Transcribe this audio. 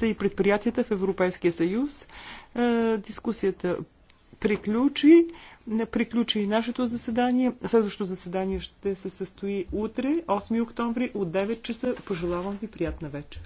са и предприятията в Европейския съюз. Е, дискусията приключи. Приключи и нашето заседание. Следващото заседание ще се състои утре, 8 октомври, от 9 часа. Пожелавам ви приятна вечер.